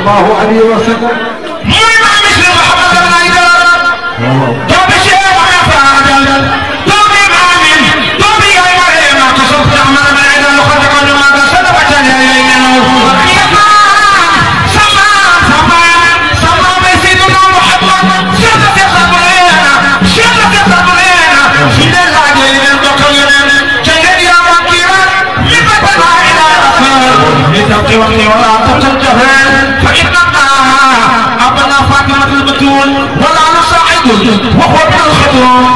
الله عليه وسلم Pablo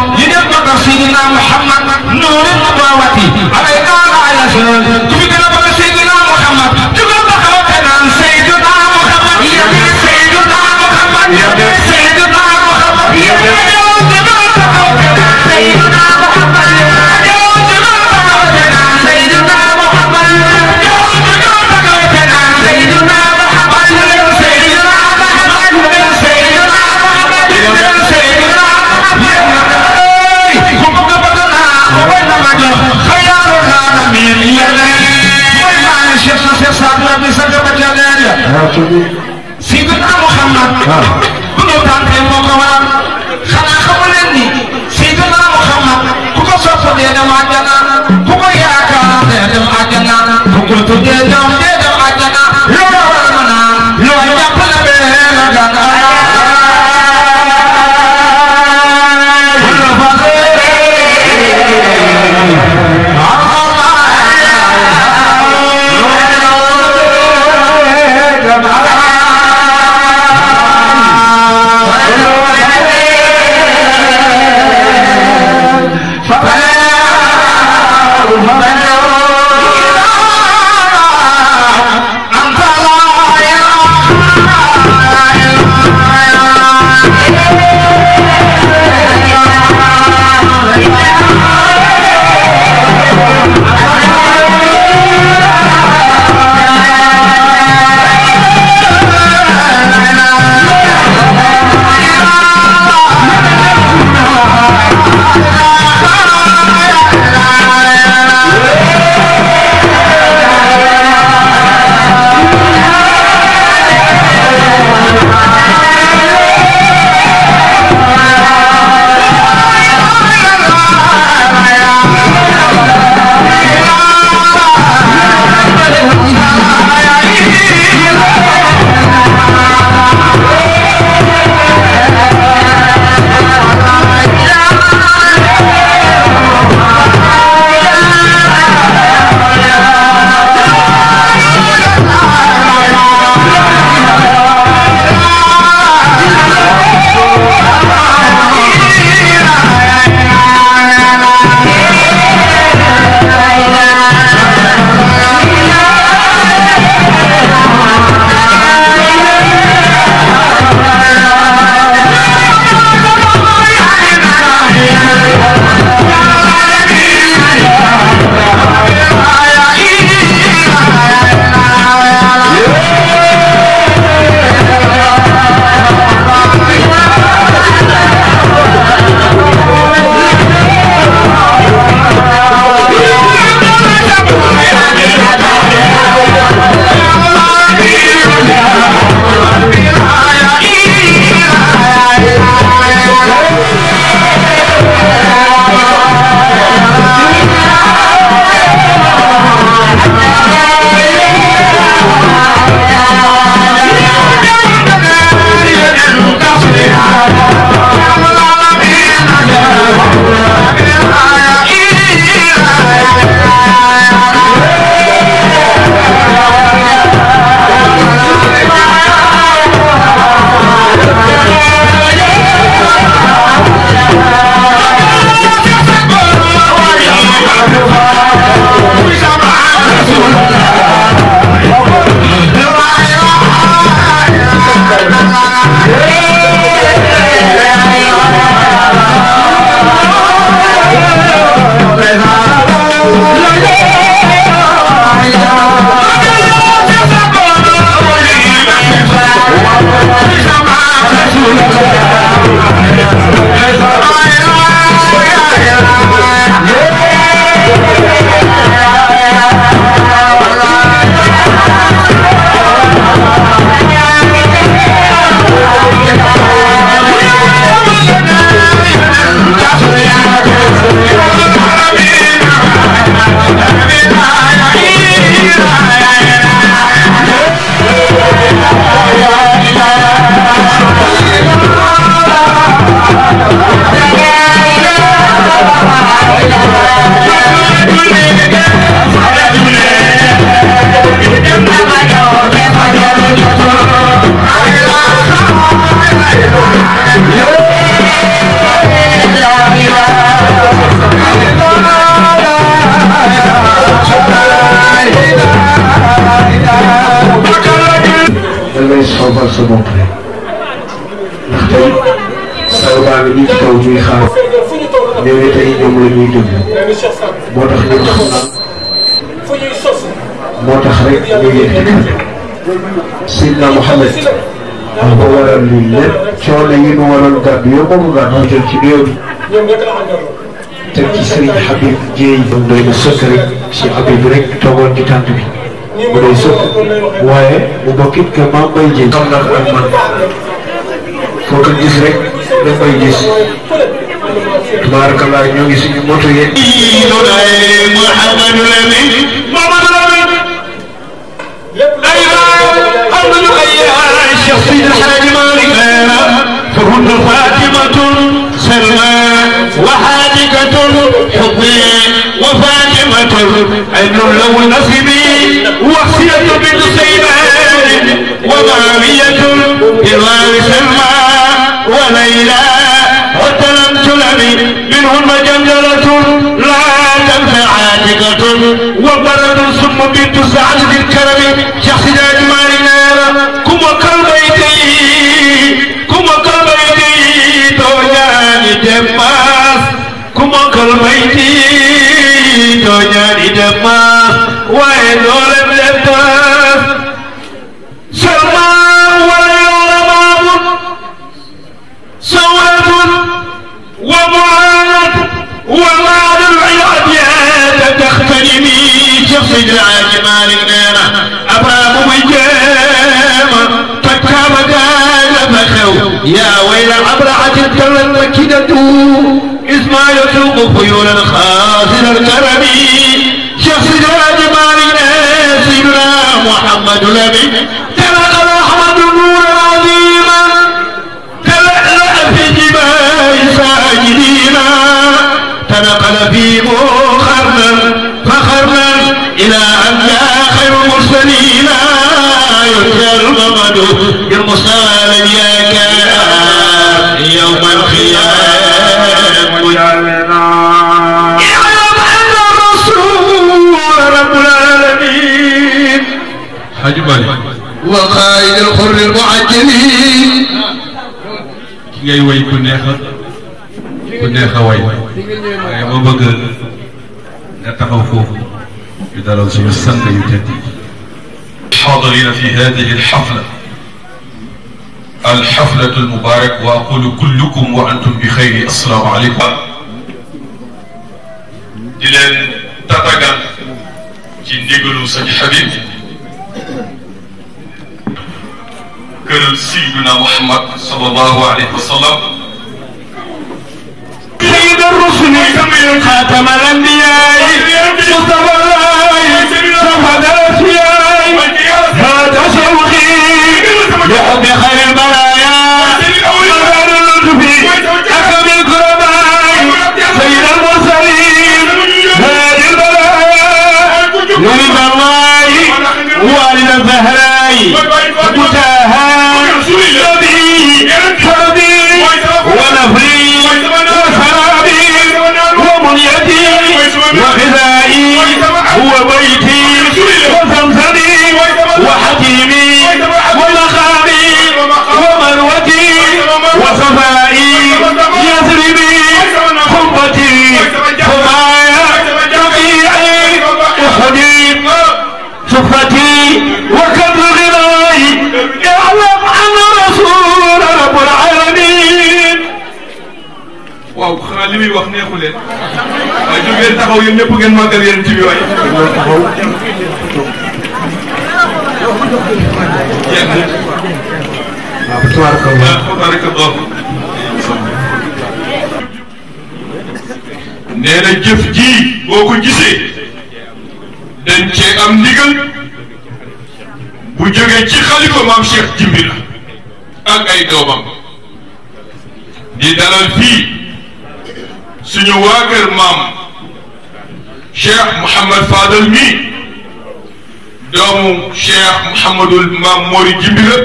fi nga am Muhammad سفر سے موت رہے اختر سعود آمینی کی توجوی خان میرے تہین جو ملوی جب ہے موت اخری مخونا موت اخری میرے اختر سیدنا محمد اخبار علی اللہ چون نہیں نوارن کا بیو کم گا نوچن کی بیو بھی تکی سری حبیب جی بندوی مسکری سی حبیب رک توان جتان دوی bu dee sëkk waaye mu bokk it maa bay gis. xam naa ko ak man foo ko gis rek da koy gis. tabaarakallaa ñoo ngi suñu moto yeeg. عين لون نصبي وصية بن سيبان وضعية بضار سلمى وليلى وتلمت لبي منهن جنجرة لا تنفع عاتقة وبرد سم بنت سعد الكرم شخصية أجمعين جماع وين ظلم لباس سلمان واليوم مابد سواد ومعاند ومعاند العياد يا تختلفي شخصي العاجمال النيرة أبرام مجامة تكام قال فخو يا ويل عبرعة الدرة كده اسمع يسوق خيولا خاسر الكرمي محمد ترى محمد عظيما تلألأ في ساجدينا تنقل في مخرنا فخرنا إلى أن آخر المرسلين يرسل محمد بالمصطفى يا كان يوم الخيام حاضرين في هذه الحفلة الحفلة المباركة وأقول كلكم وأنتم بخير السلام عليكم دلن تتقن جندقلو سج حبيب كرل سيدنا محمد صلى الله عليه وسلم سيد الرسل خاتم الانبياء مصطفى شهد الاشياء فات شوقي بحب خير البرايا مدار اللطف اكرم الكرماء سيد المرسلين هادي البرايا ولد الله والد الزهراء wax neexu leen waaye jóg leen taxaw yéen ñëpp ngeen màggal yéen ci bi waay. jeex na. waaw bu tabaarakallah ji boo ko gisee dañ cee am ndigal bu jógee ci xalifa maam Cheikh Jimbira ak ay doomam di dalal fii. suñu waa kër maam Cheikh Mouhamad Fadal mi doomu Cheikh Mouhamadul maam Mori Jimbira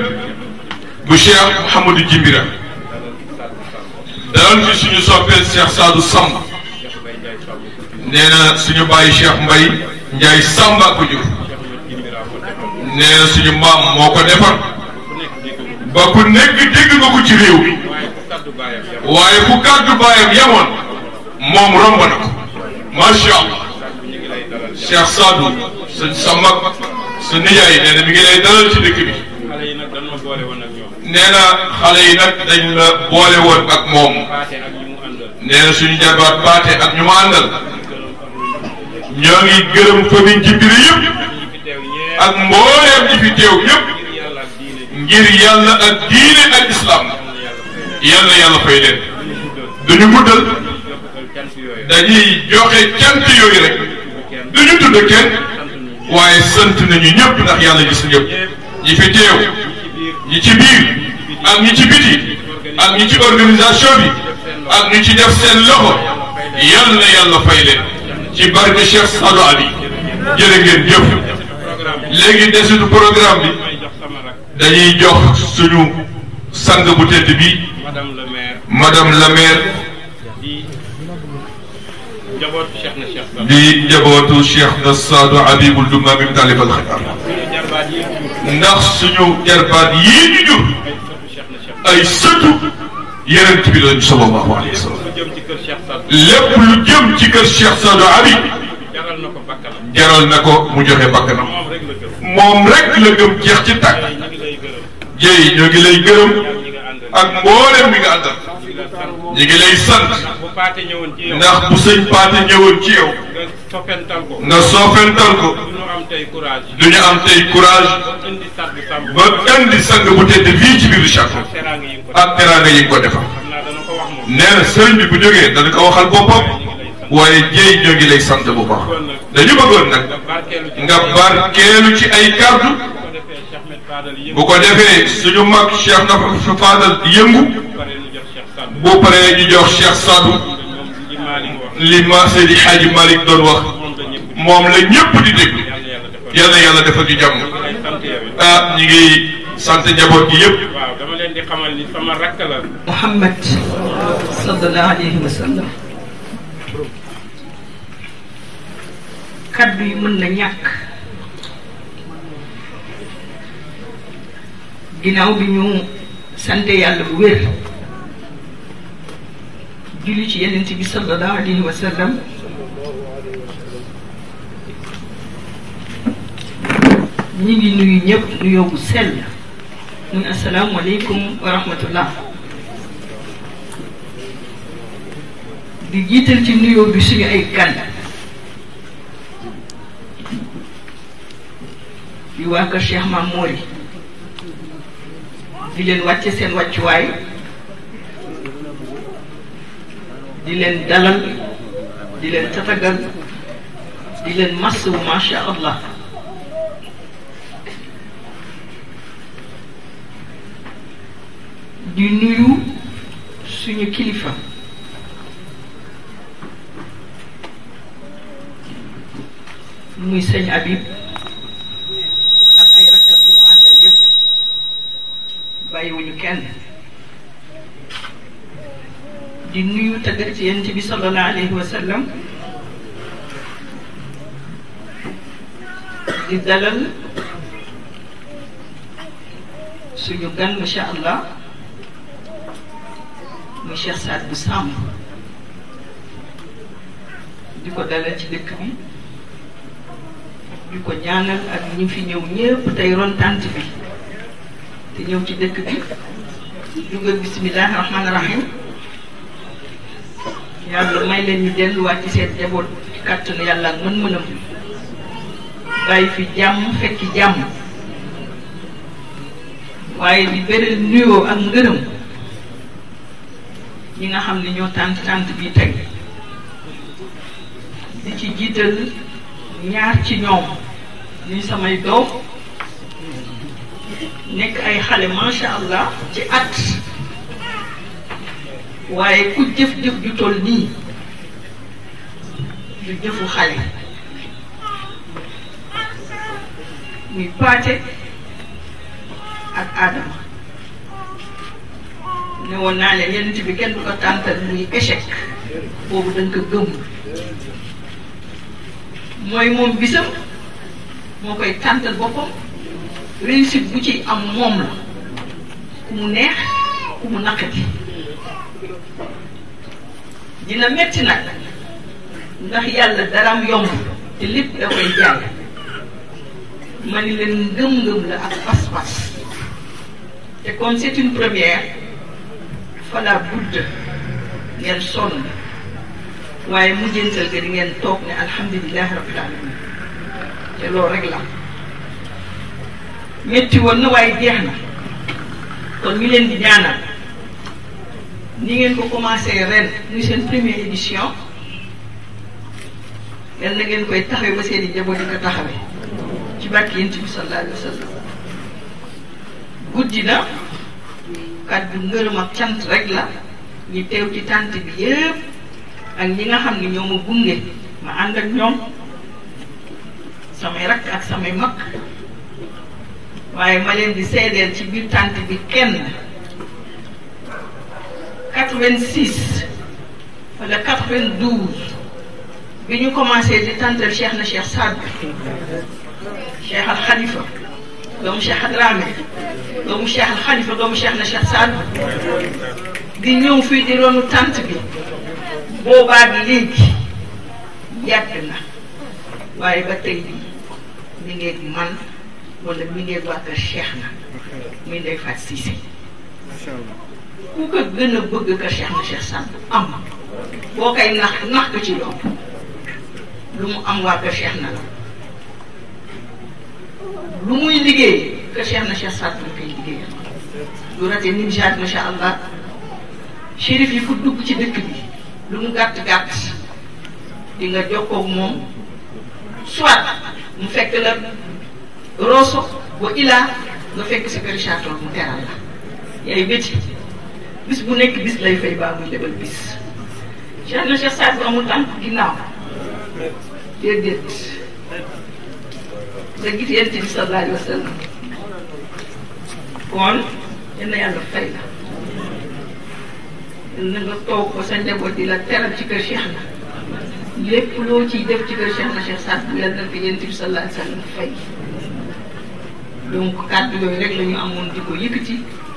bu Cheikh Mouhamadou Jimbira daloon fi suñu soppeel Cheikh Sadou Samb nee na suñu bàyyi Cheikh Mbay Njaay Samba ko jur nee na maam moo ko defar ba ku nekk dégg nga ko ci réew mi waaye ku kàddu baayam yamoon moom romb na ko macha allah Cheikh Sadou sa sa mag sa nijaay nee na mi ngi lay dalal ci dëkk bi nee na xale yi nag dañ la boole woon ak moom nee na suñu jabaat baate ak ñu mu àndal ñoo ngi gërëm famille Jibril yëpp ak mbooleem ñi fi teew yëpp ngir yàlla ak diine ak islam yàlla yàlla fay leen duñu guddal. dañuy joxe cant yooyu rek duñu tudd kenn waaye sant nañu ñëpp ndax yàlla gis ñëpp ñi fi teew ñi ci biir ak ñi ci biti ak ñi ci organisation bi ak ñi ci def seen loxo yal na yàlla fay leen ci barke Cheikh Sadou Ali jërë ngeen jëf léegi desitu programme bi dañuy jox suñu sang bu tedd bi madame la maire. دي جابوتو شيخ نصادو حبيب الدمام بن طالب الخيار ناخ سونو جربات يي ني اي سوتو يرنت بي لون صلى الله عليه وسلم لب لو جيم تي كير شيخ سادو حبيب جارال نكو مو جوخي باكنا موم رك لا گم جيخ تي تاك جي نيغي لاي گرم اك مبولم ميغا اندال نيغي لاي ndax bu sëñ paate ñëwoon ci yow. nga soppental ko du ñu am tey courage. ba indi sang bu tedd fii ci biir chaque ak teraanga yi ko defal. nee na sëriñ bi bu jógee dana ko waxal boppam. waaye jéy ñoo ngi lay sant bu baax. dañu bëggoon nag. nga barkeelu ci ay kàddu. bu ko defee suñu mag Cheikh Nafa Fadal yëngu. boo paree ñu jox Cheikh Sadou li ma Seydi Hadji Malick doon wax moom la ñëpp di dégg yàlla yàlla defal ñu jàmm ah ñu ngi sant njaboot gi yëpp. waaw dama leen di xamal ni sama kaddu yi mën na ñàkk ginnaaw bi ñu sant yàlla bu wér. julli ci yenent bi sallallahu alayhi wa sallam ñu ngi nuyu ñëpp nuyoo bu sell mun asalaamualeykum wa rahmatullah di jiital ci nuyoo bi suñu ay kan di waa kër Cheikh Mamour yi di leen wàcce seen wàccuwaay di leen dalal di leen tatagal di leen maswu macha allah di nuyu suñu kilifa muy sëñ Habib ak ay rakkam yu mu àndal yépp bàyyiwuñu kenn di nuyu tëggal ci yent bi sallallahu alayhi wa sallam di dalal suñu gan macha allah muy Cheikh Saad bu Samb di ko dalal ci dëkk bi di ko ñaanal ak ñi fi ñëw ñëpp tey ron tànt bi te ñëw ci dëkk bi dugal bismillahi rahmaani rahim yàlla may leen ñu delluwaat ci seen jaboot ci yàlla ak mën-mënam bàyyi fi jàmm fekki jàmm waaye li beneen nuyoo ak ngërëm ñi nga xam ne ñoo tànt tànt bi teg di ci jiital ñaar ci ñoom ñuy samay doom nekk ay xale macha allah ci at waaye ku jëf-jëf ju toll nii ju jëfu xale muy paate ak aadama ne woon naa leen yenent bi kenn du ko tàntal muy échec boobu dañ ko gëm mooy moom bisam moo koy tàntal boppam réussite bu ci am moom la ku mu neex ku mu naqati dina métti nag ndax yàlla daraam yomb te lépp da koy jaay ma ni leen ngëm-ngëm la ak pas-pas te comme c'est première fala budd ngeen sonn waaye mujjantal ga di ngeen toog ne alhamdulilahi rabbil alamin te loolu rek la métti woon na waaye jeex na kon ñu leen di ñaanal ni ngeen ko commencé ren muy seen première édition yal na ngeen koy taxawe ba seen i di ko taxawe ci barki yent bi sallallahu alayhi wa sallam guddi na kaddu ngërëm ak cant rek la ñi teew ci tànt bi yépp ak ñi nga xam ne ñoo ma gunge ma ànd ak ñoom samay rak ak samay mag waaye ma leen di seedeel ci biir tànt bi kenn 86 wala 92 bi ñu commencé di tantal Cheikh na Cheikh Saad Cheikh al Khalifa doomu Cheikh al Ramé doomu Cheikh al Khalifa doomu Cheikh na Cheikh Saad di ñëw fii di ronu tant bi boobaa bi léegi yàgg na waaye ba tey bi mi ngeeg man wala mi ngeeg waa kër na muy Ndeye Fatou Cissé. ku ko gën a bëgg ka Cheikh na Cheikh Sall boo koy nax nax ko ci loolu lu mu am waa ka Cheikh na lu muy liggéey ka Cheikh na Cheikh Sall koy lu rate nim jaat macha allah shérif yi fu dugg ci dëkk bi lu mu gàtt gàtt di nga jokkoo moom soit mu fekk la rooso wa ilaa nga fekk sa kër château mu teral la yaay bis bu nekk bis lay fay baa muy lebal bis Cheikh na Cheikh Saad bu amul tànk ginnaaw déedéet da gis yéen ci bi sallallahu alayhi wa sallam kon yéen na yàlla fay la na nga toog ko sa njaboot di la teral ci kër Cheikh na lépp loo ciy def ci kër Cheikh na Cheikh Saad bu yàlla na ko yéen ci bi sallallahu alayhi wa sallam fay donc kàddu yooyu rek la ñu amoon di ko yëkkati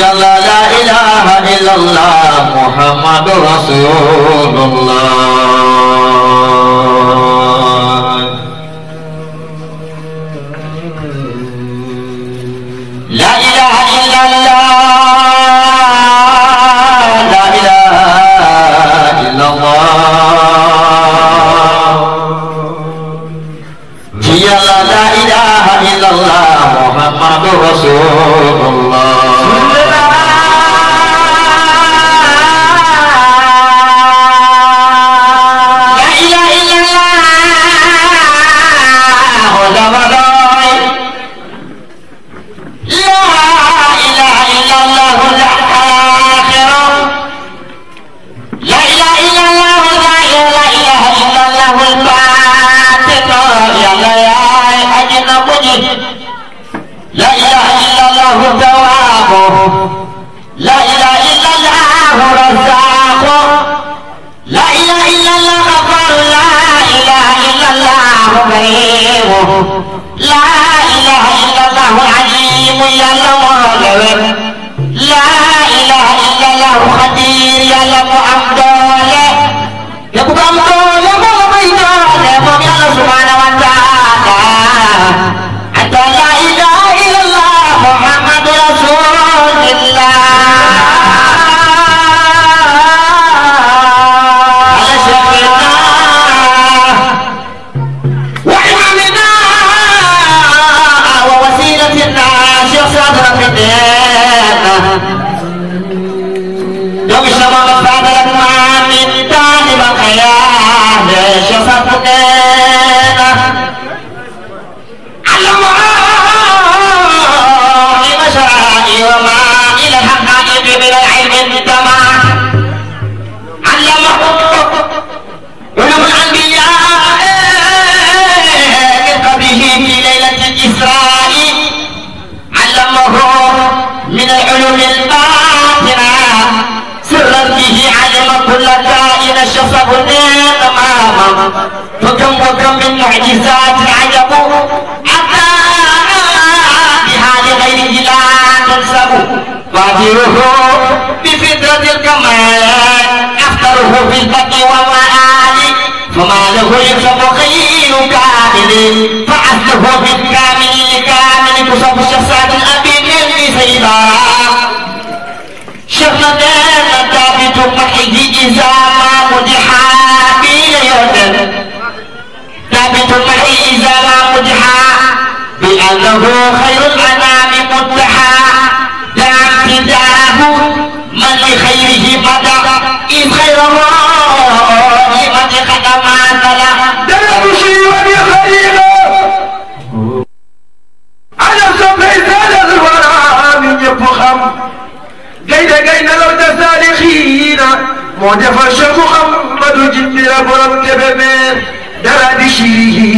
شاء الله لا إله إلا الله محمد رسول الله yàlla mu am بالذات عجبوا عطى بحال غيره لا تنسب قادره بفطرة الكمال أفطره في البقي والمآل فما له يكسب خير كامل فأصله بالكامل كامل تصب الشخصات الأبيض بسيبا شخص دائما ثابت محيه إذا ما مدح وهو خير الأنام مطلعا لا ابتداه من لخيره مدى إن خير الرائمة قد معزلا دلت شيئا خيرا أنا سميت هذا الورى من يفخم قيد قيد لو تسالخين معجف الشيخ محمد جد رب رب دردشيه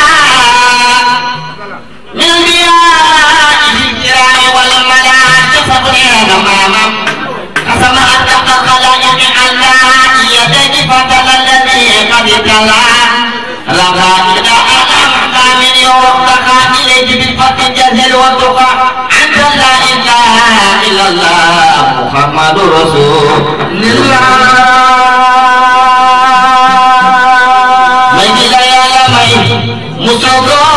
الكلام رضى إلى الأقدام وارتقى إليه بالفتح الجزل والتقى أنت لا إله إلا الله محمد رسول الله مجد يا لمي مصدر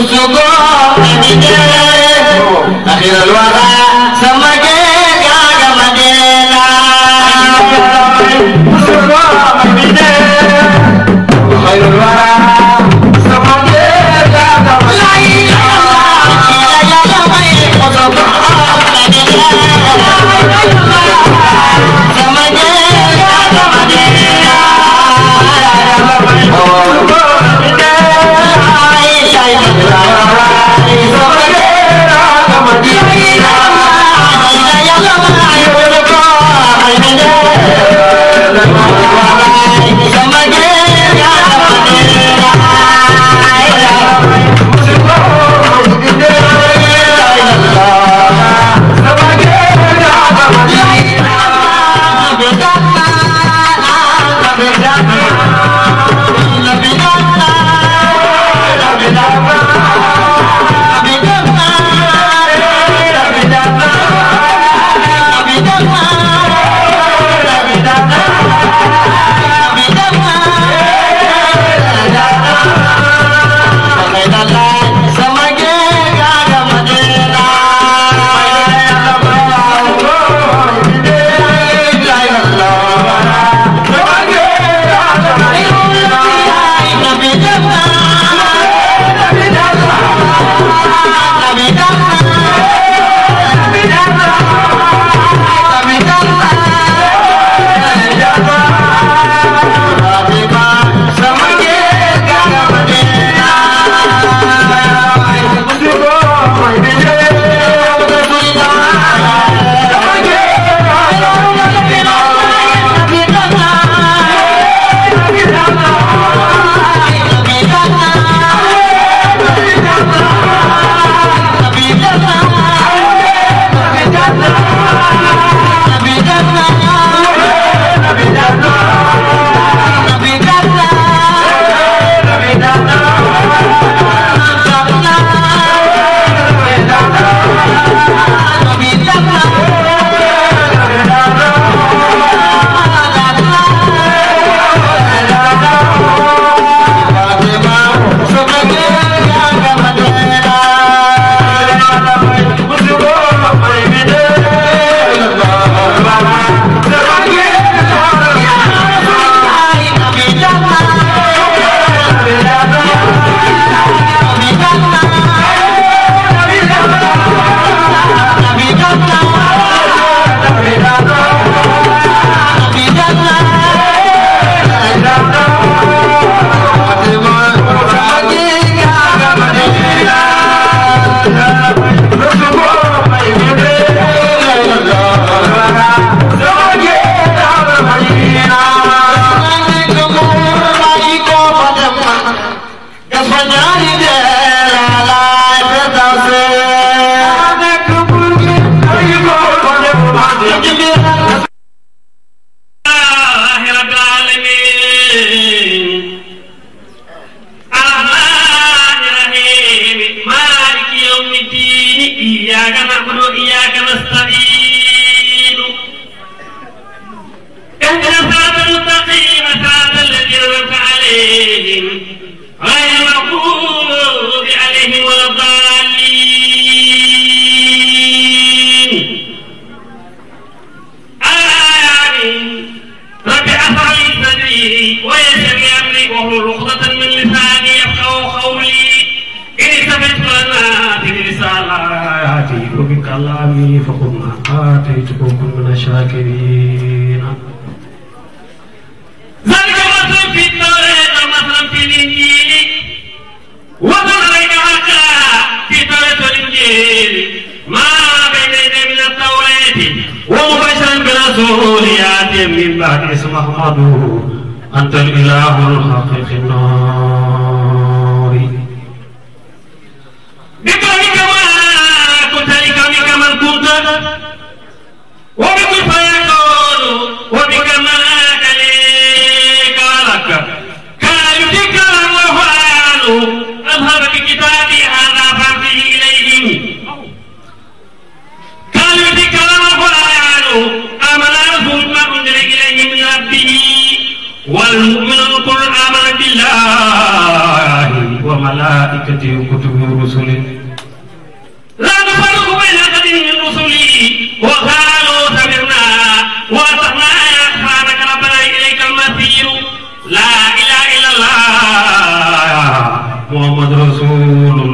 mucho con mi dinero,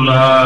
الله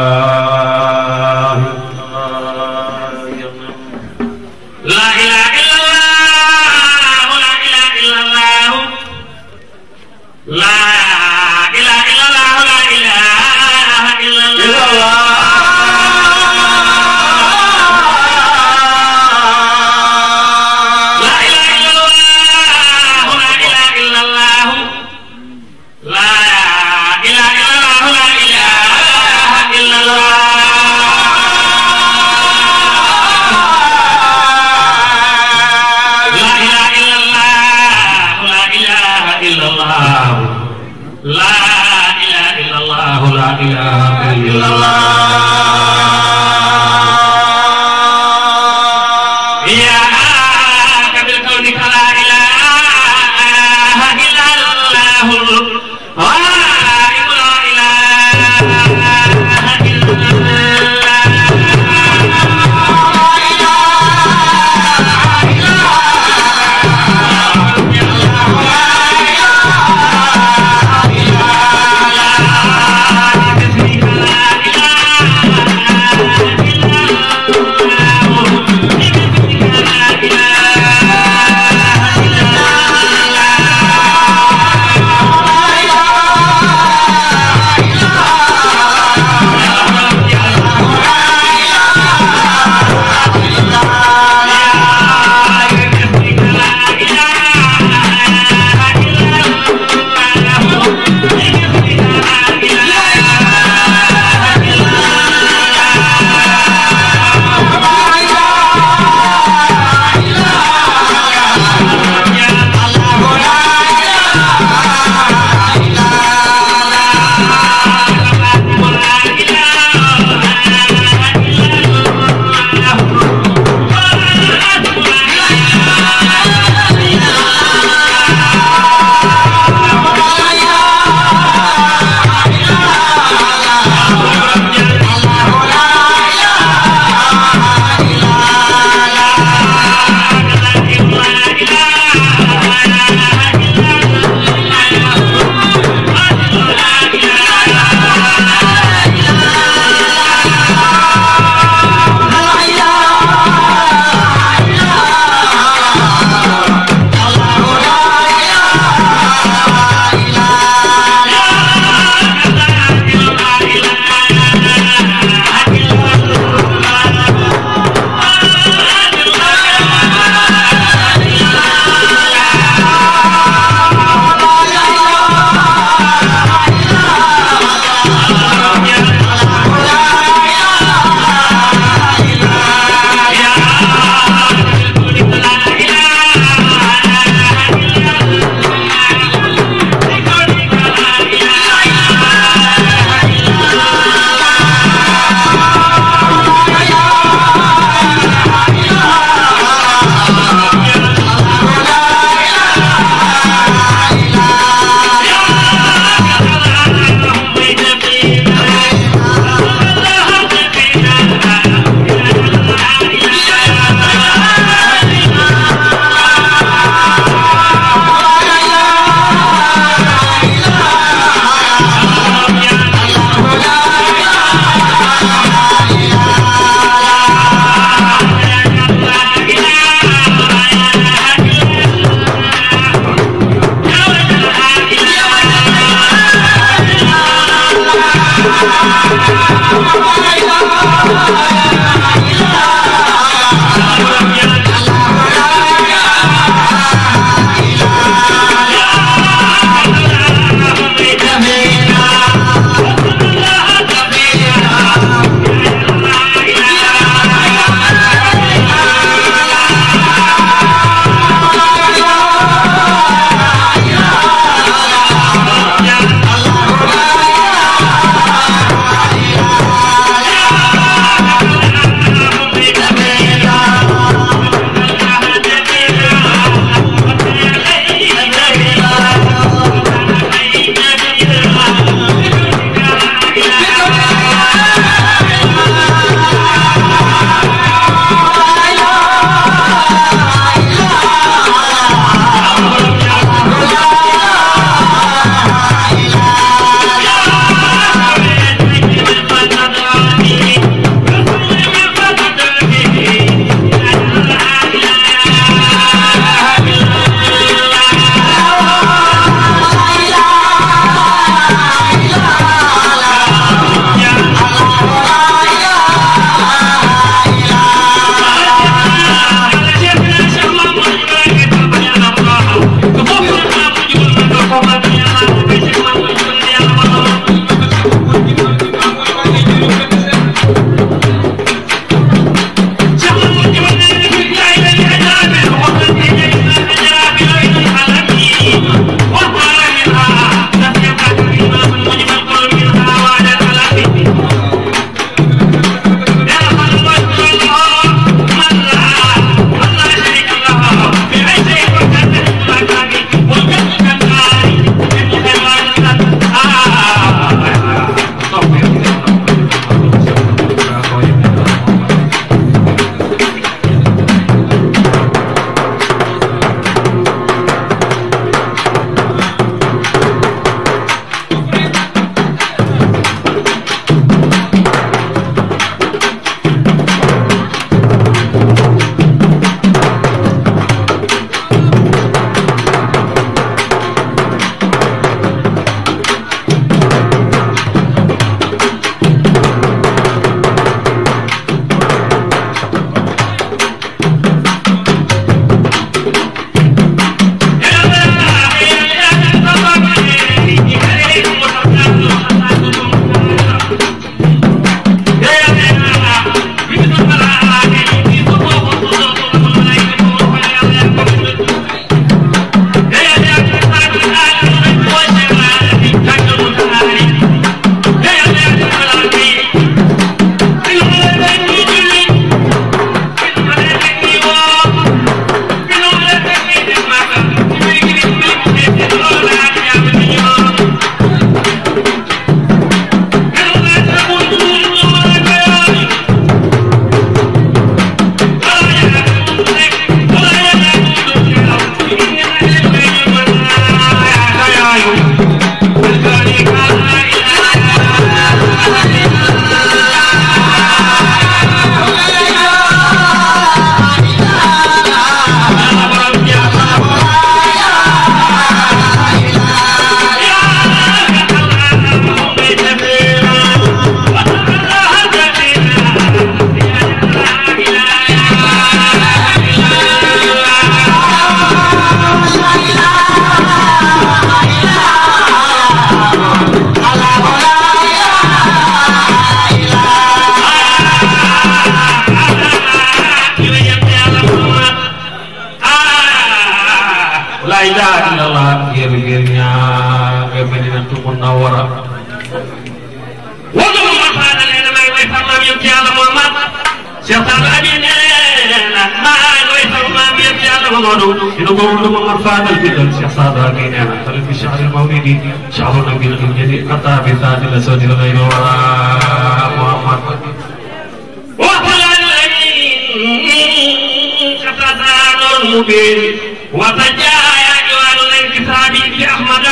وسجايا جوال الانتصاب لأحمد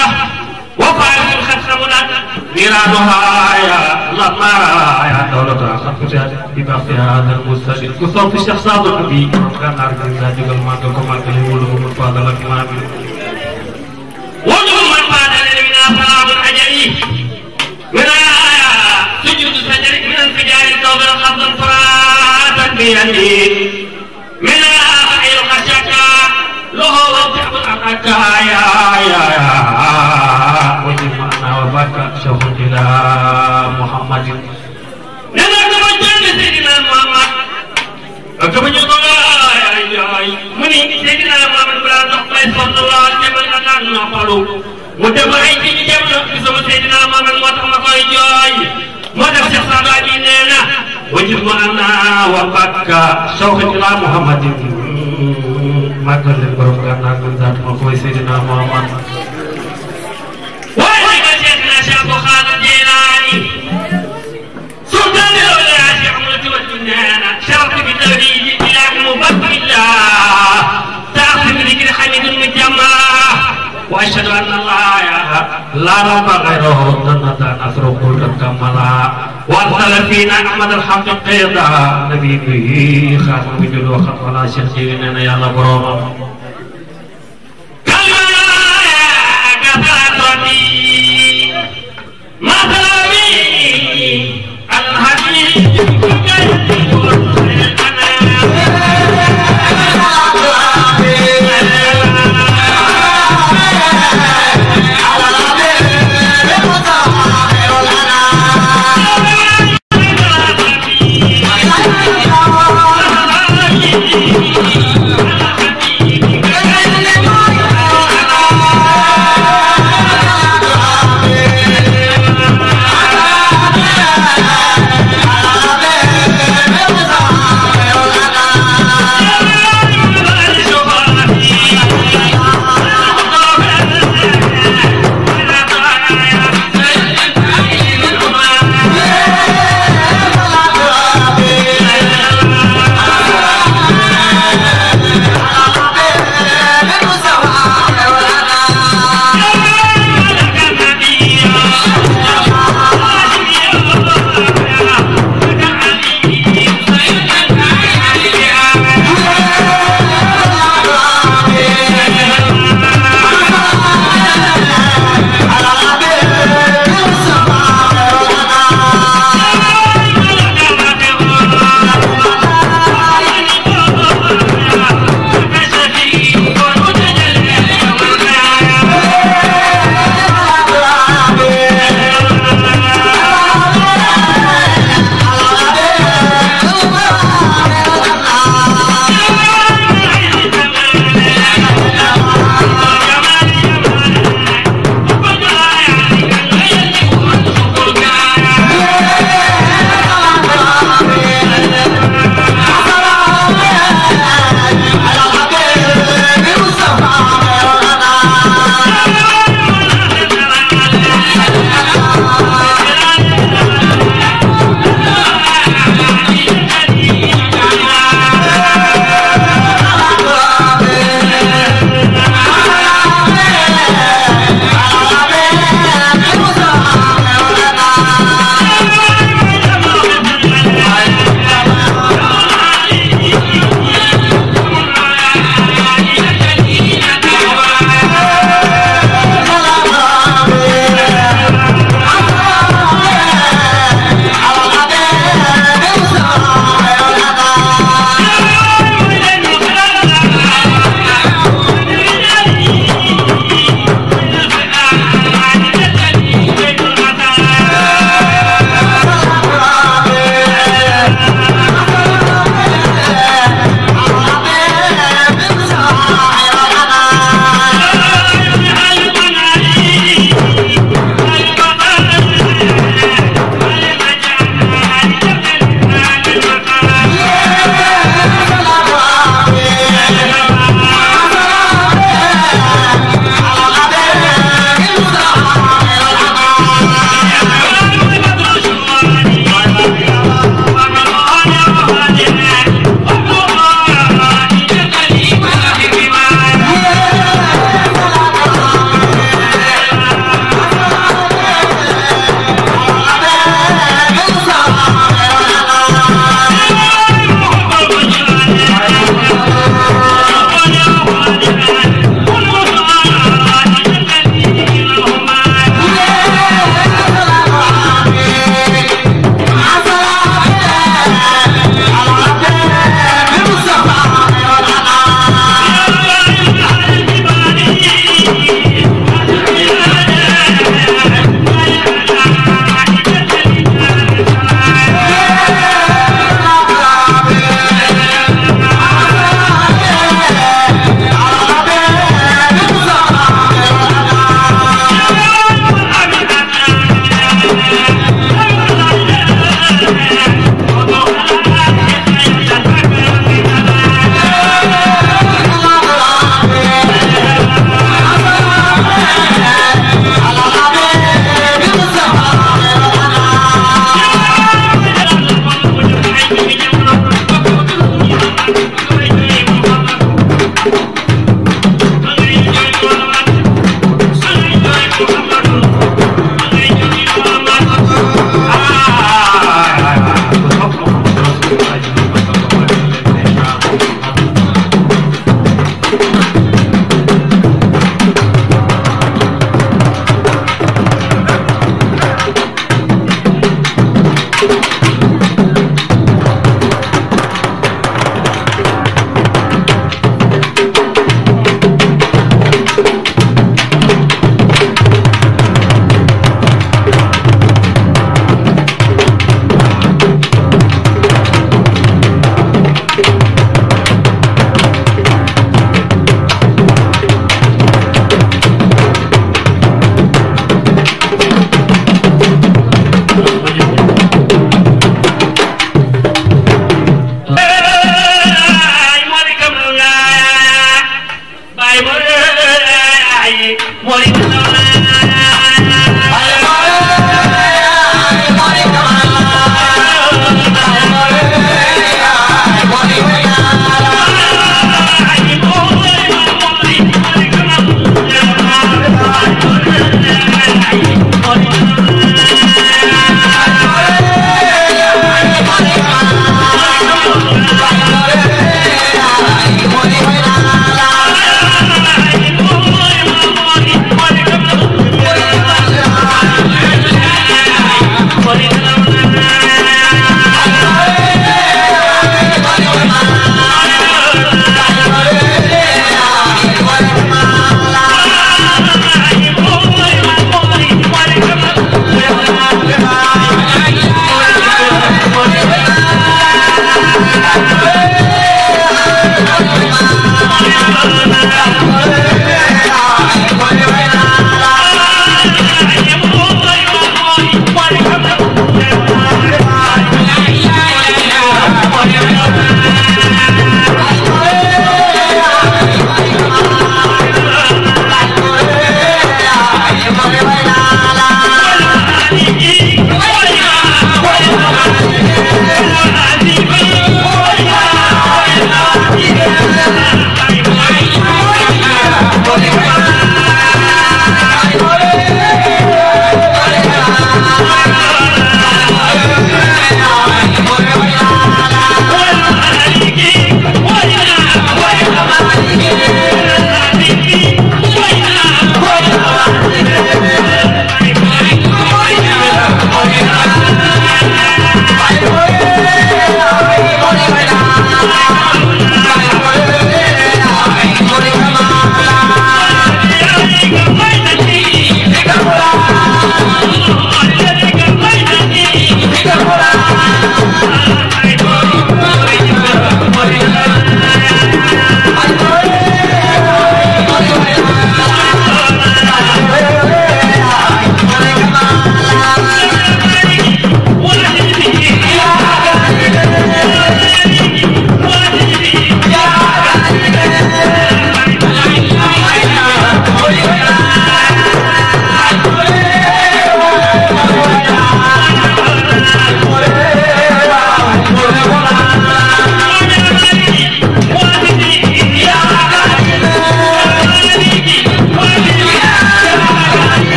وفايز الخصم لك ميرادها يا لطارا يا دولة خطفت ببختها هذا المستشير كثرت الشخصات الأبي كان أرجل ذاتك المادة كما تلول من فاضل المادة وجه من فاضل من أصحاب الحجري من سجود سجر من انفجار الدولة خطف فراتا بيدي من لك يا يا يا وجمعنا وبكى شوق إلى محمد نذهب وجل سيدنا محمد وكما يقول من سيدنا محمد بلا نقل صلى الله عليه وسلم أنا نقل متبعي سيدنا محمد سيدنا محمد وتمقى جاي ماذا شخص علينا وجمعنا وبكى شوق إلى محمد màggal leen borom gànnaar man daal ma mooy Seydina Muhammad تأخذ بذكر حميد المجمع واشهد ان لا لا رب غيره جنة نصر ملكا كملا وارسل فينا احمد الحق قيدا نبي به خاتم جل وخط ولا شيخ جينا يا الله بروما مثلا الحبيب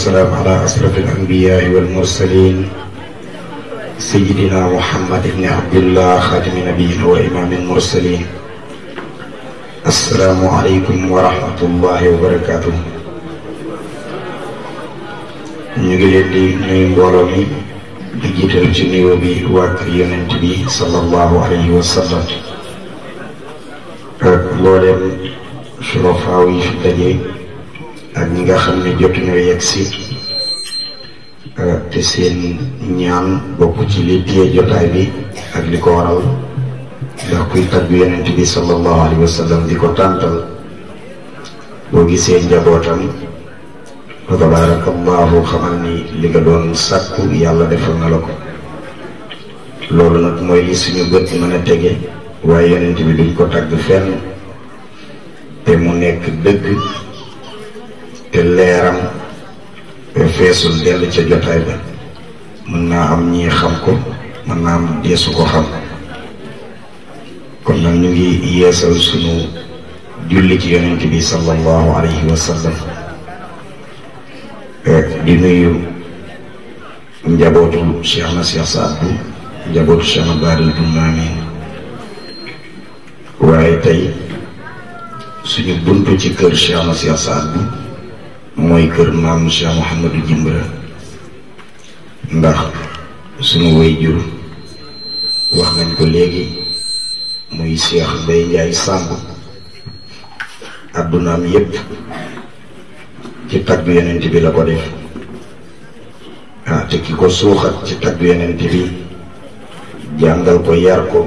والسلام على أشرف الأنبياء والمرسلين سيدنا محمد بن عبد الله خاتم نبيه وإمام المرسلين السلام عليكم ورحمة الله وبركاته نجلد لي نيم بولومي ديجيتال جنيو بي وكريون انتبي صلى الله عليه وسلم أكبر شرفاوي في الدليل ak ñi nga xam ne jotuñoo yegg si euh, te seen ñaan bokk ci li téye jotaay bi ak li ko waral ndax kuy tagg yonent bi sallallahu alayhi wa di ko tàntal boo gisee njabootam fa tabarakallahu xamal ni li nga doon sàkku yàlla defal na la ko loolu nag mooy li suñu bët mën a tege waaye yonent bi duñ ko tagg fenn te mu nekk dëgg te leeram te feesul dell ca jotaay ba mën naa am ñii xam ko mën naa am deesu ko xam kon nag ñu ngi yeesal suñu julli ci yonent bi sallallahu alayhi wa eh, di nuyu njabootu Cheikh na Cheikh Saadu njabootu Cheikh na Baari Dumaami waaye tey suñu buntu ci kër Cheikh na Cheikh mooy kër maam Cheikh Mouhamadou Jimbira ndax suñu way jur wax nañ ko léegi muy Cheikh Mbaye Ndiaye Samb addunaam yépp ci taggu yonent bi la ko def ah te ki ko suuxat ci taggu yonent bi jàngal ko yar ko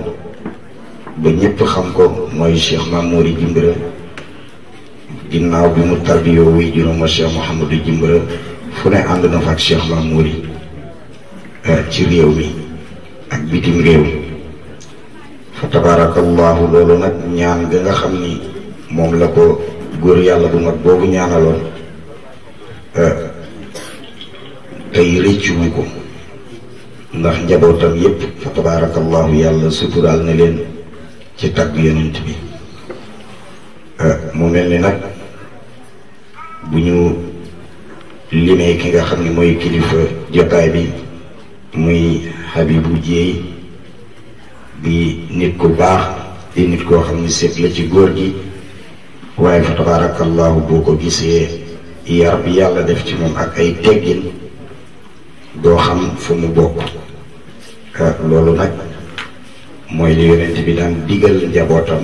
ba ñëpp xam ko mooy Cheikh Mamour Jimbira ginnaaw bi mu tarbiyoo wuy juróom ma Cheikh Mouhamadou fu ne ànd na fa ak Cheikh Mamour yi eh, ci réew mi ak bitim réew fa tabaarakallaahu loolu nag ñaan nga xam ni moom la ko góor yàlla bu mag boobu ñaanaloon eh, tey rëccuwu ko ndax njabootam yépp fa tabaarakallaahu yàlla suturaal na leen ci tagg yonent bi eh, mu mel ni nag bu ñu limee ki nga xam ne mooy kilifa jotaay bi muy Habibou Dieye di nit ku baax di nit koo xam ne seet la ci góor gi waaye fa tabarakallahu boo ko gisee yar bi yàlla def ci moom ak ay teggin doo xam fu mu bokk ah, loolu nag mooy li yonent bi daan digal njabootam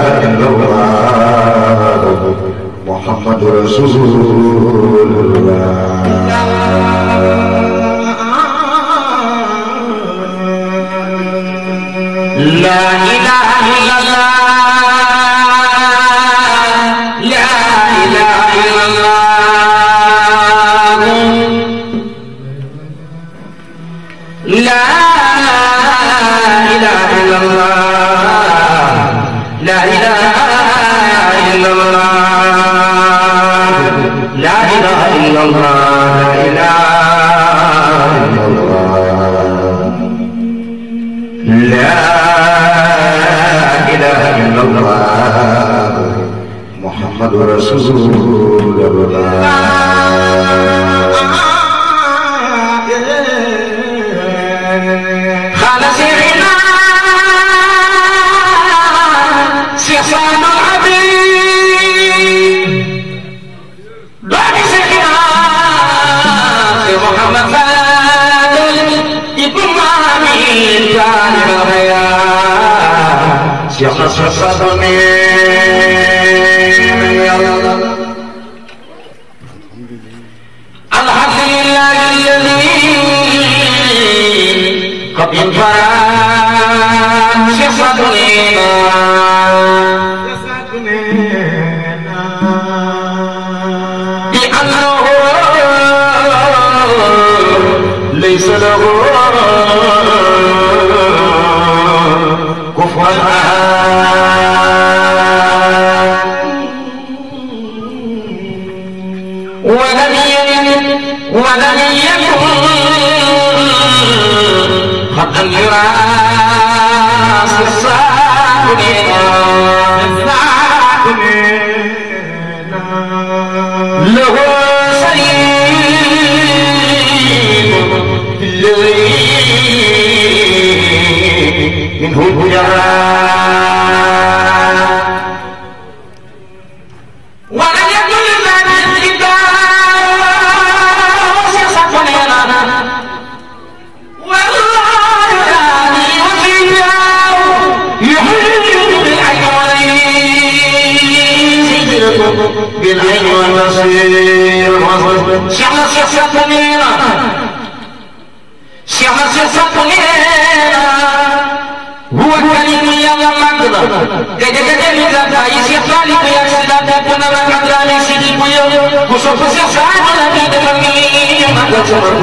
إله إلا الله محمد رسول الله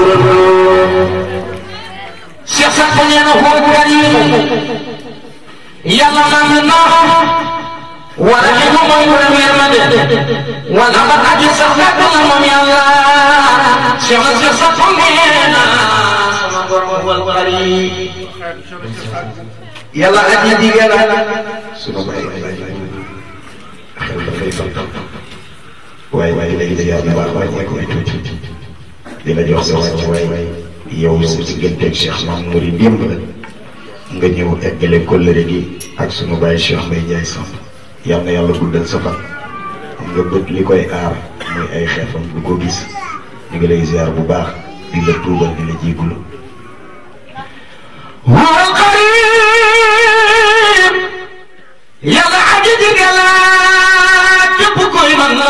Cheikh Sakho nee na xoolal yàlla mën na wala li mu mën ko demee ma de wala ba àgg sax fekk na moom yàlla Cheikh Sakho nee na sama borom wala yàlla àgg jigéen la sunu bay xel dafay sant waaye waaye léegi yàlla na wàññeeku ay tuuti di la jox sa wàccuwaay yow sa digganteeg Cheikh Mame Mory nga ñëw eggale kóllëre gi ak sunu bàyyi Cheikh Mbaye Ndiaye Samb yal na yàlla nga bët li koy aar muy ay xeefam du ko gis ñu ngi lay ziar bu baax di la tuubal di la jégalu. yàlla aji jege la képp koy mën na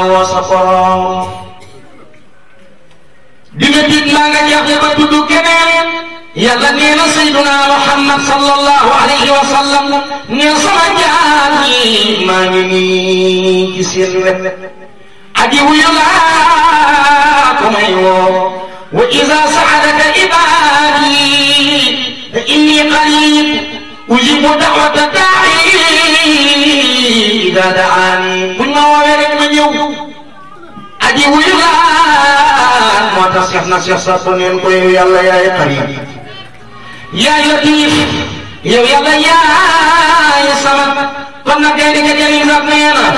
mawa sapa dina dig la nga jaxle ba tuddu keneen yàlla nee sayyiduna muhammad sallallahu alayhi wa sallam ne sama jaam yi maa wa iza saadaka ibadi inni ujibu da'wata daa'i idaa da'aani buñ ma woowee rek ma ñëw aji wuyu laa moo tax Cheikh na Cheikh Sassou neen ko yow yàlla yaay xarit yaay latif yow yàlla yaay sama kon nag kay di nga jëriñ sax nee na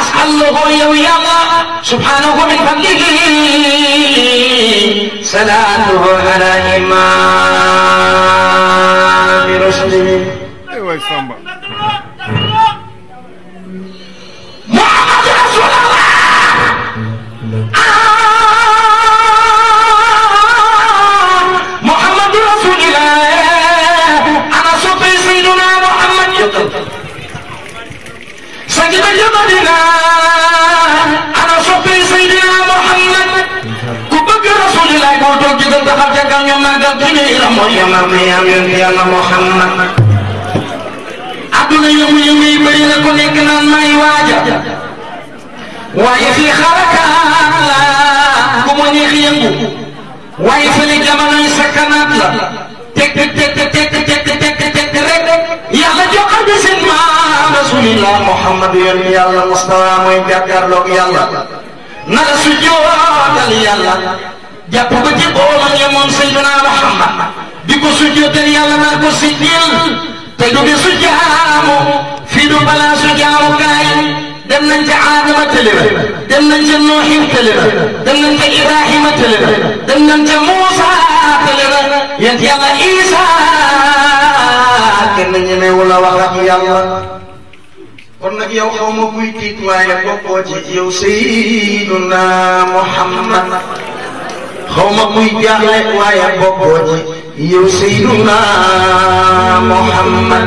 أسأله يويما سبحانه من فضله صلاته على إمام رشده أيوة، Seydina ana soppi Seydina Muhammad ku bëgg Rasulilaay boo toog ci gën taxaw ca kaw ñoom màggal ki nii la mooy yamam yam yam yàlla Muhammad adduna yëngu-yëngu yi bëri na ku nekk naan may waaja waaye fii xaraka ku ma neex yëngu waaye fële jamonoy sakanaat la teg teg teg teg ila muhammadin ya allah mustafa moy jakkar lok Allah na ya Allah ya ko ci bolam ya mom sayyidina muhammad diko sujudal ya yalla na ko sidil te do bi sujjamu fi do bala sujjamu kay dem nañ ci adama telima dem nañ ci nuhi telima dem nañ ci ibrahima telima dem nañ ci musa telima yent yalla isa kenn ñemewul wax ya Allah kon nag yow xaw ma kuy tiit waaye bokkoo ci yow sayyiduna Muhammad xaw ma kuy jaaxle waaye bokkoo ci yow sayyiduna Muhammad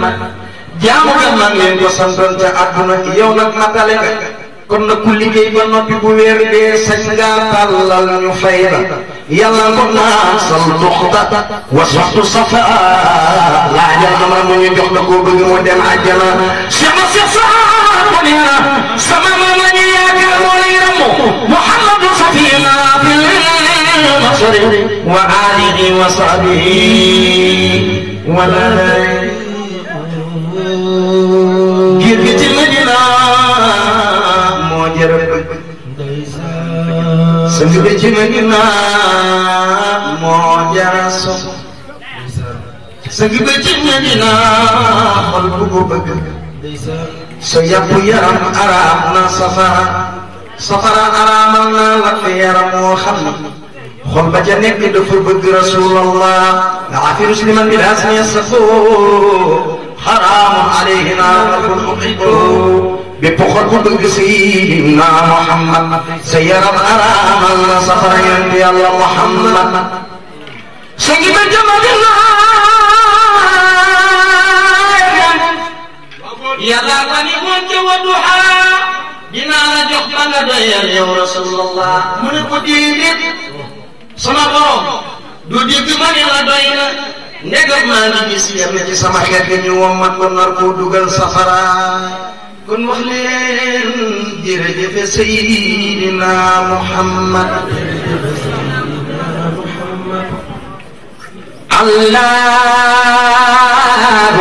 jaamu nga maa ngi leen ko santoon ca àdduna yow nag matale nga kon nag ku liggéey ba noppi bu weer dee sañ nga tàllal ñu fay la yàlla ko naan sal duxta waswaxtu safa la ajal dama mu ñu jox na koo bëgg mu dem àjjana cheikh ma cheikh sa ko nee na sama maam la ñu yaakaar moo lay ramu muhammadu safina fil masari wa alihi wa sahbihi wa la sa jóge ci Medina moo jara sox sa jóge ci Medina xol bu ko bëgg sa yàpp yaram araam na safara safara araamal na lakk yaram moo xam ne xol ba ca nekk dafa bëgg rasulallah affaire bi man mii daal sa nekk sa xaraamun alayhi naa Bepokal kudu kesina Muhammad Sayyarat aram Allah di Allah Muhammad Sekitar jamaah Ya Allah Ya Allah Kami kunci wa duha Bina Rasulullah Menepuk diri Sama korong Dujib juman ada ini Negeri mana misi yang mencisamahkan Ini umat menarku dugal safaran kon wax leen jërëjëf Seydina Muhammad Allah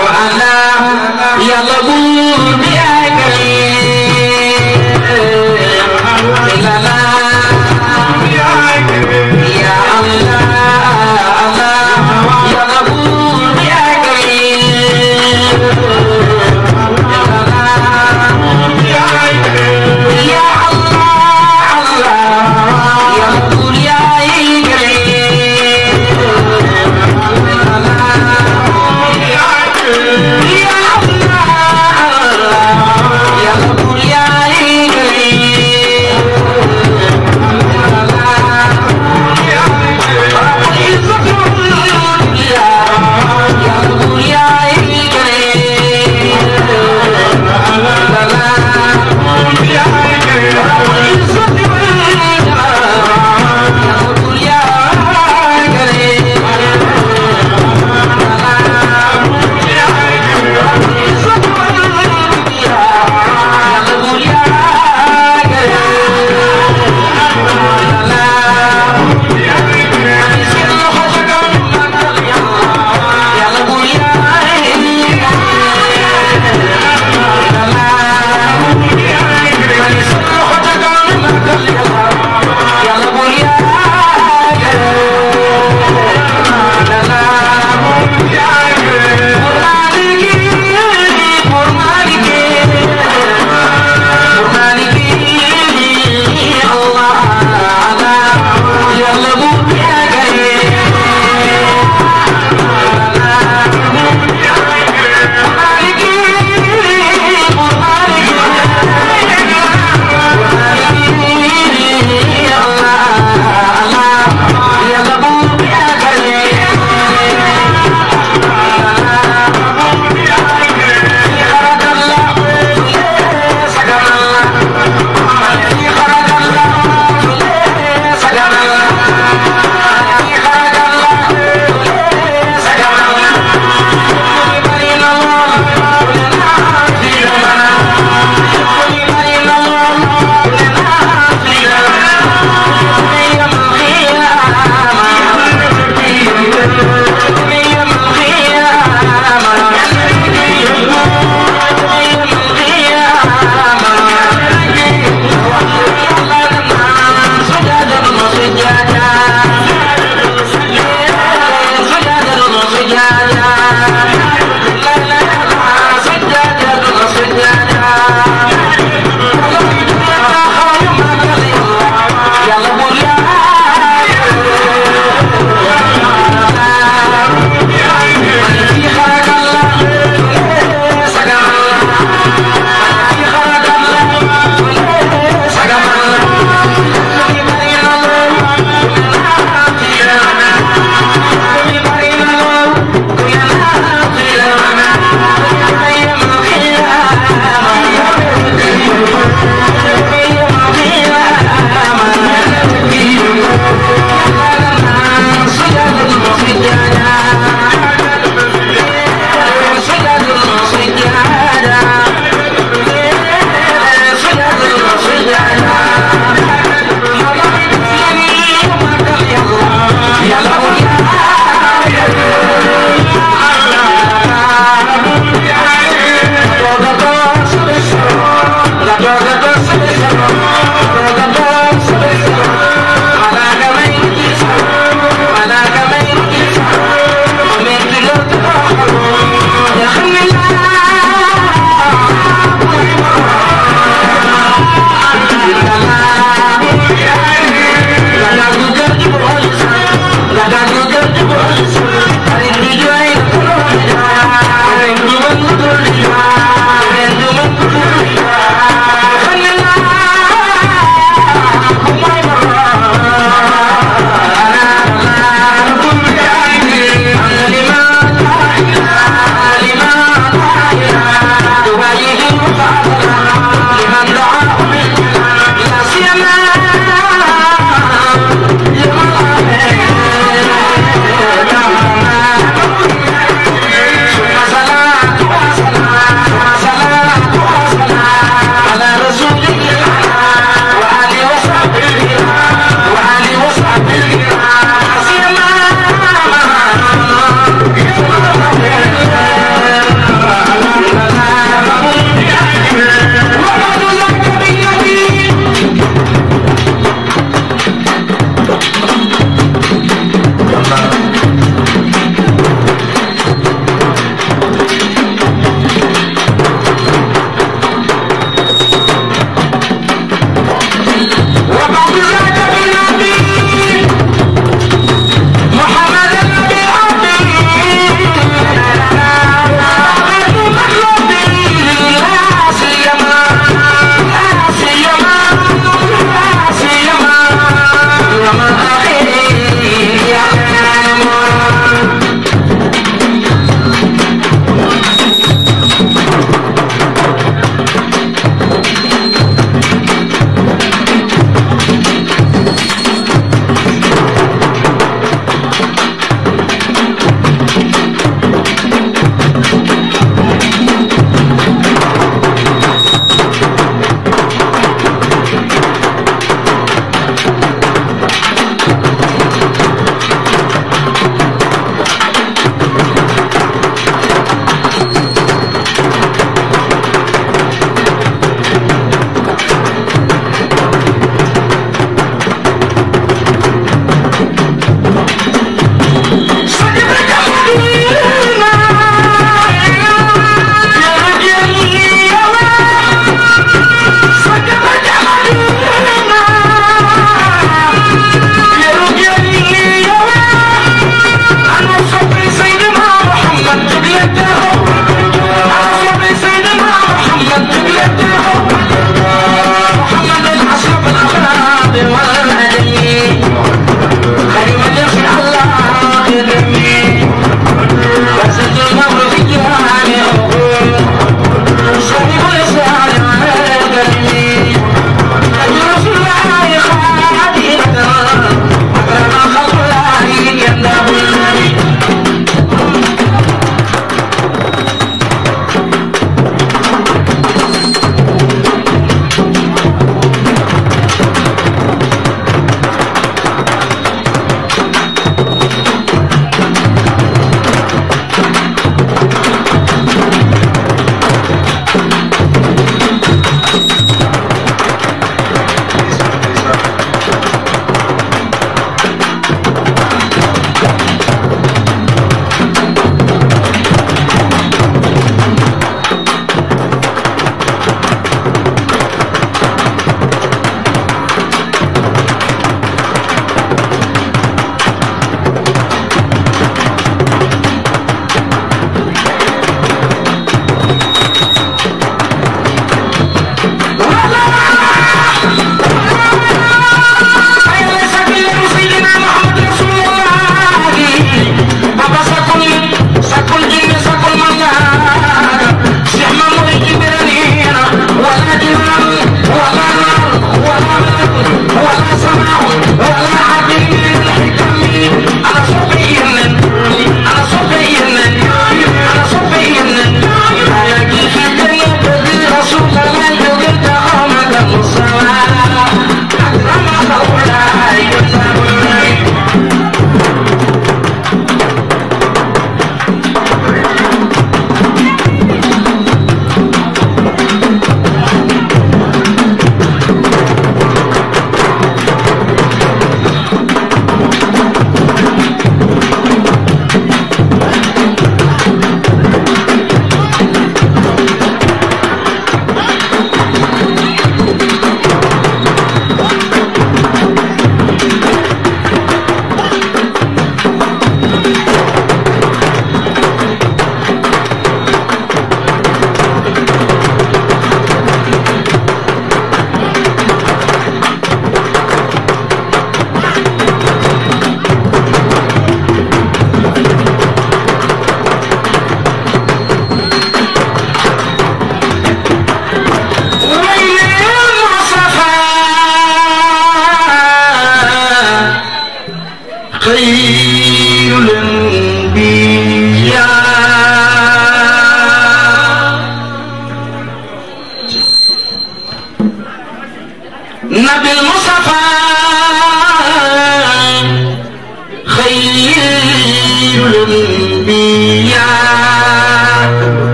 wa Allah yàlla buur bi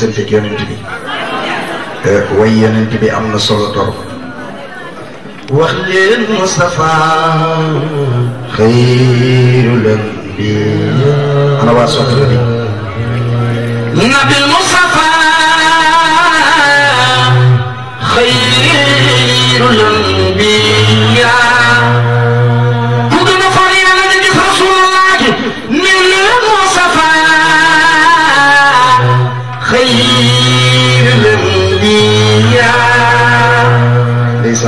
سنت يننتبي أه، ويننتبي أمن صلطر وخلي المصطفى خير الأنبياء أنا بأسوأت لدي نبي المصطفى خير الأنبياء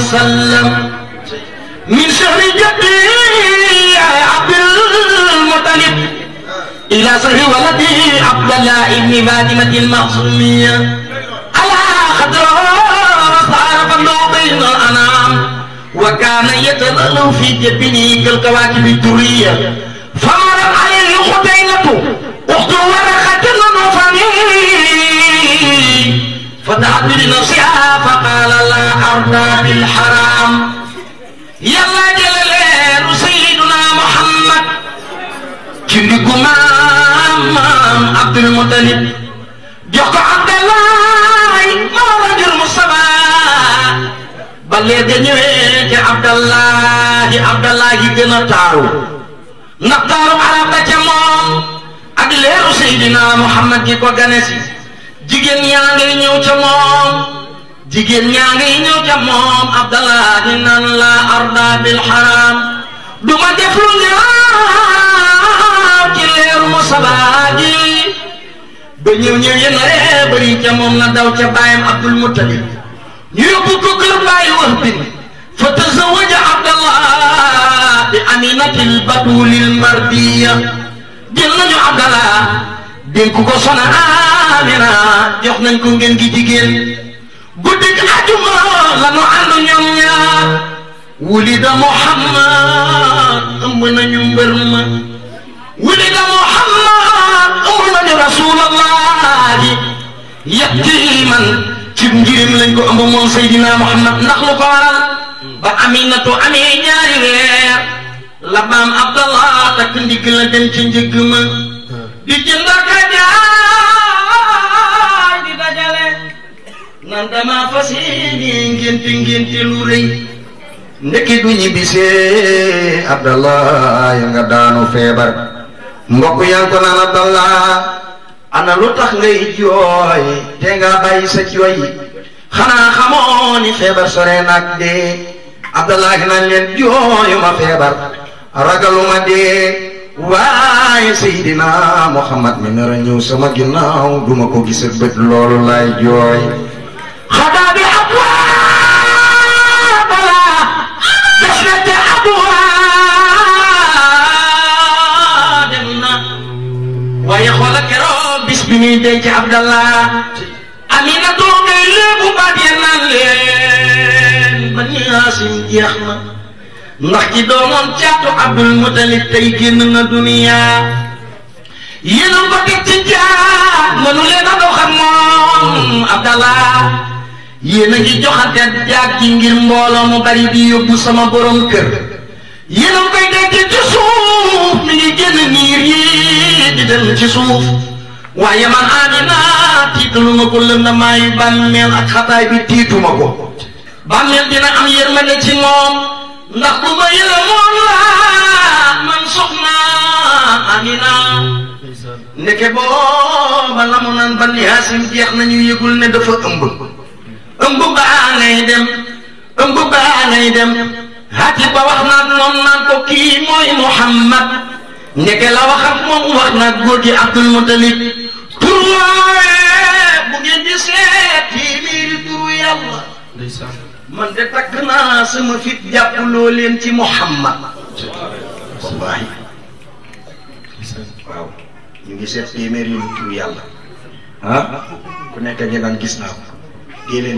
وسلم من شهر جدي عبد المطلب إلى صهر ولدي عبد الله ابن فاطمة المعصومية على خضراء صار الله بين الأنام وكان يتظل في جبني كالكواكب الدرية Fatahat bin Nusiha Fakala la arda bil haram Yalla ya jalale Rusayiduna Muhammad Kini kumam Abdul Joko Abdallah Maradil Mustafa Balai denyewe Ke Abdallah Abdallah Gena taruh Nak taruh Arab Baca ya mom Muhammad Kiko Ganesi jigéen ñaa ngay ñëw ca moom abdallah di la arda bil haram duma def lu ñaaw ci leer mu sabaaji ba ñëw ñëw yéen ree bëri ca moom na daw ca baayam abdul muttalib ñu yóbbu ko kër bàyyi fa tazawaja abdallah bi aminatil batulil mardiya jël nañu abdallah dénku ko sona amina jox nañ ko ngeen gi jigéen guddik ajuma la nu ànd ñoom ñaar wulida muhammad ëmb nañu mbër ma wulida muhammad ëmb nañu rasulallahi yatiman ci ngirim lañ ko ëmb moom seydina muhammad ndax lu ko waral ba aminatu amee ñaari weer la baam abdallah takk ndigg la dem ci njëgg di jënd ak a jaay di dajale nan dama fas yéene ngénti ngénti lu rëy ndekki du ñibbisee Abdallah nga daanu feebar mbokk yaa ngi ko naan Abdallah ana lu tax ngay jooy te nga bàyyi sa jooy xanaa xamoo feebar sore nag dee Abdallah naan leen feebar ragaluma dee waaye Seydina Muhammad mi nar a ñëw sama ginnaaw duma ko gis ak bët loolu lay jooy xadaa bi abwaab la te abwaab dem na waaye xoola keroog bis bi ñuy Abdallah Amina doo ngay léebu leen ba ni Yaasin jeex ndax ci doomam caatu Abdul Mutalib tey génn na duniya yéen a ko teg ci jaar mënu leen a dox ak moom Abdallah yéen a ngi joxante jaar ci ngir mbooloo mu bari di yóbbu sama borom kër yéen a koy denc ci suuf mi ngi génn niir yi di dem ci suuf waaye man Amina tiitalu ma ko lënd maayu bàmmeel ak xataay bi tiituma ko bàmmeel dina am yërmande ci moom. ndax ku ma yërëmoon laa man soxna Amina ndeke booba la mu naan ban yaasim jeex nañu yëgul ne dafa ëmb ëmb baa ngay dem ëmb baa hati ba wax naat mooy Muhammad ndeke la wax ak moom wax naat góor gi Abdul Mutalib tur bu seet fii miiri turu yàlla man de tak na sama fit japp loo ci muhammad wallahi waaw ñu ngi sét témer yu tur yalla ha ah? ku nekk ñu nan gis na ko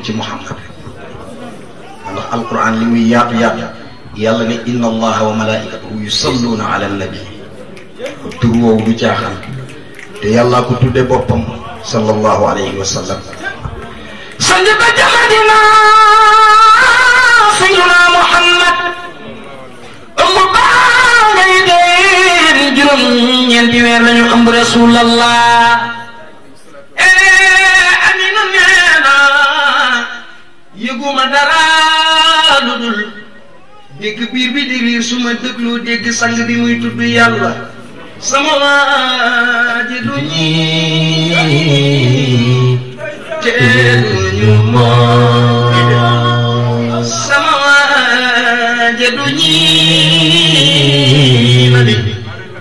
ci muhammad ndax alquran limu muy yaatu yalla ni inna allaha wa malaikatahu yusalluna ala nabi tur woowu du jaxal te yalla ko tudde bopam sallallahu alayhi wasallam. sallam sanjaba jamadina juróom ñeenti weer lañu ëmb rasulallah ee eh, aminu nee na yëguma dara lu dul dégg bi di su ma déglu dégg sang bi muy tudd yàlla sama waa ji du ñii te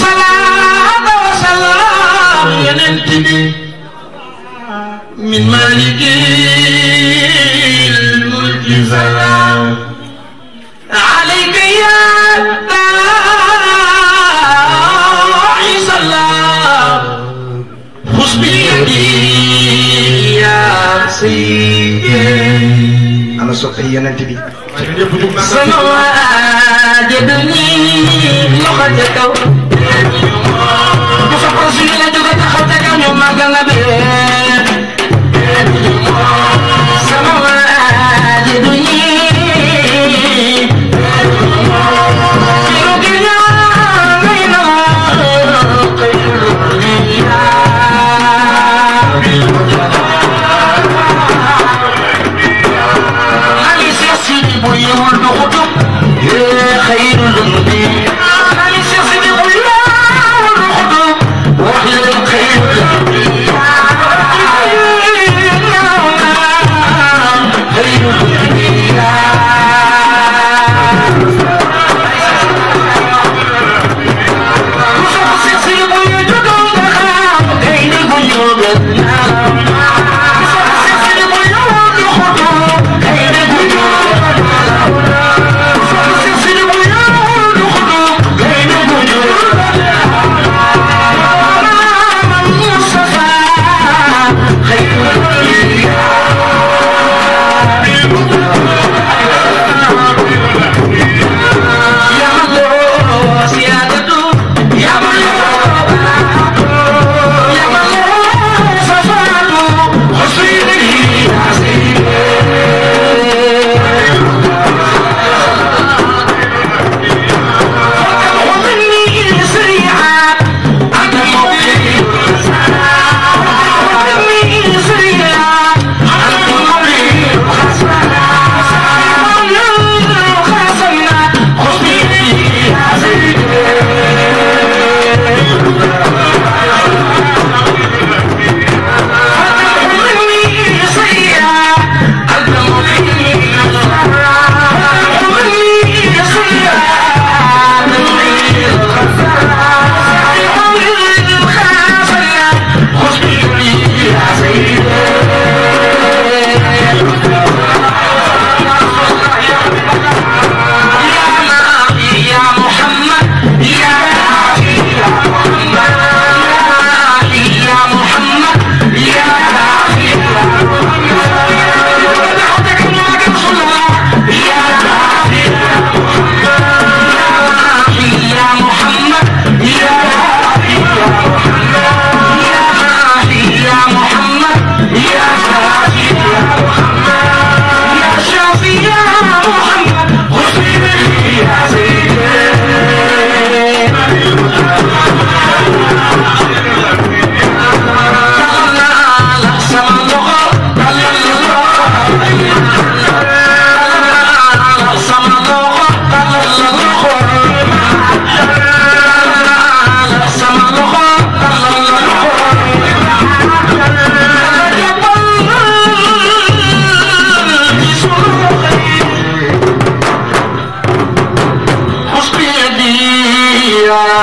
salaata wa salaam yonent bi min maalikil mulki salaam alayka yaa daa'i salaam xus bi yadi yaa sayyidi ana soppe yonent bi sama waa jënd nii loxo ca kaw magalabi.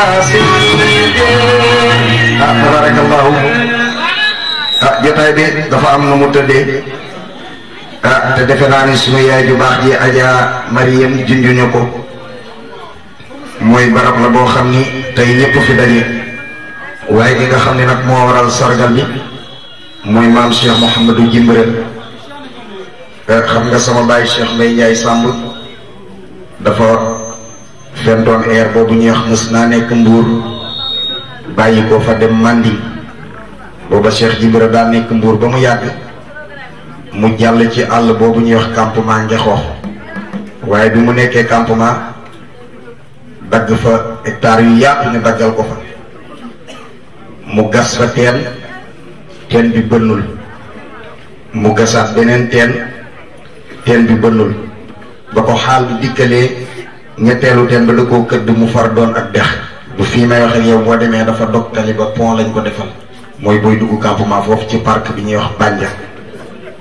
xaasidiin ah tabaarakallaahu ah bi dafa am nu mu tëddee ah, te defe naa ni sunu yaay ju baax ji Aja Mariam junjuñu ko mooy barab la boo xam ni tey ñëpp fi daje waaye li nga xam ni nag moo waral sargal bi mooy maam Cheikh Mouhamadou Jimbireel ah, xam nga sama baay Cheikh Mbaye Ndiaye Samb dafa. Fenton Air boobu ñuy wax mës naa nekk mbuur bàyyi ko fa dem màndi booba Cheikh Jibira daa nekk mbuur ba mu yàgg mu jàll ci àll boobu ñuy wax campement Ngexoox waaye bi mu nekkee campement dagg fa ectare yu yaatu ñu daggal ko fa mu gas fa teen teen bi bënnul mu gasaat beneen teen teen bi bënnul ba ko xaal bi dikkalee ñettelu teen ba da kër du mu far doon ak dex bu fii may ak yow boo demee dafa dog tali ba pont lañ ko defal mooy booy dugg campement foofu ci parc bi ñuy wax bànja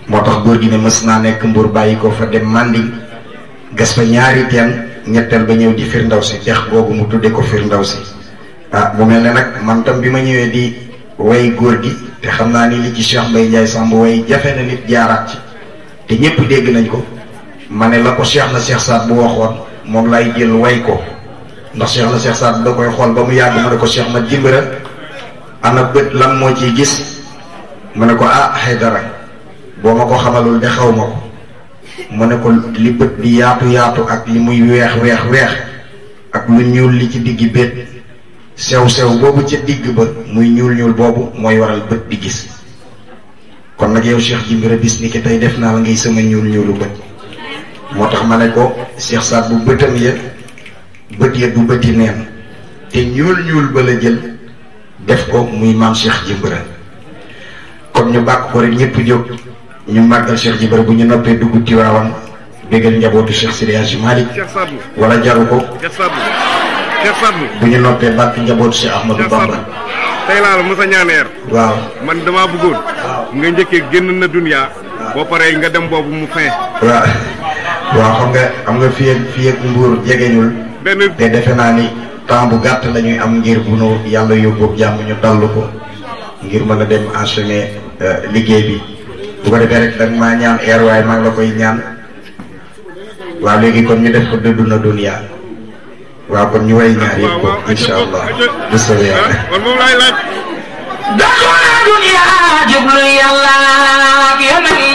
moo tax góor gi ne mës naa nekk mbur bàyyi ko fa dem mandi gas fa ñaari teen ñetteel ba ñëw di ndaw si dex googu mu tuddee ko ndaw si ah mu mel ne nag man tam bi ma ñëwee di way góor gi te xam naa ni li ci Cheikh Mbaye Ndiaye Samb way jafe na nit jaaraat ci te ñëpp dégg nañ ko ma ne la ko Cheikh na Cheikh Saad bu waxoon moom laay jël way ko ndax Cheikh na Cheikh Saad da koy xool ba mu yàgg mu ne ko Cheikh ma jimbira ana bët lan moo ciy gis mu ne ko ah dara boo ma ko xamalul de xaw ma ko mu ne ko li bët bi yaatu yaatu ak li muy weex weex weex ak lu ñuul li ci digg bët sew sew boobu ci digg ba muy ñuul ñuul boobu mooy waral bët di gis kon nag yow Cheikh jimbira bis ni ki tey def naa la ngi sama ñuul ñuulu bët motax mané ko cheikh sa bu beutam ye ya, beut ya du beuti neen té ñool ñool ba la jël def ko muy mam cheikh jimbara kon ñu bakk ko rek ñepp jog ñu magal cheikh jimbara bu ñu noppé dugg ci wawan bégal njabootu cheikh sidiyaj malik wala jaru ko bu ñu noppé bakk njabootu cheikh ahmadou bamba tay la musa ñaaneer waaw man dama bëggoon nga ñëkke genn na dunya bo paré nga dem bobu mu fin waaw waaw xam nga am nga fii ak fii mbuur jegeñul te defe naa ni temps bu gàtt lañuy am ngir bu nu yàlla yóbbu jàmm ñu dallu ko ngir mën a dem enchaîner liggéey bi bu ko defee rek danga maa ñaan eer maa ngi la koy ñaan waaw léegi kon ñu def ko dunduna duniya waaw kon ñu way ñaar yëpp ko insha allah bu soobee yàlla dunduna duniya jublu yàlla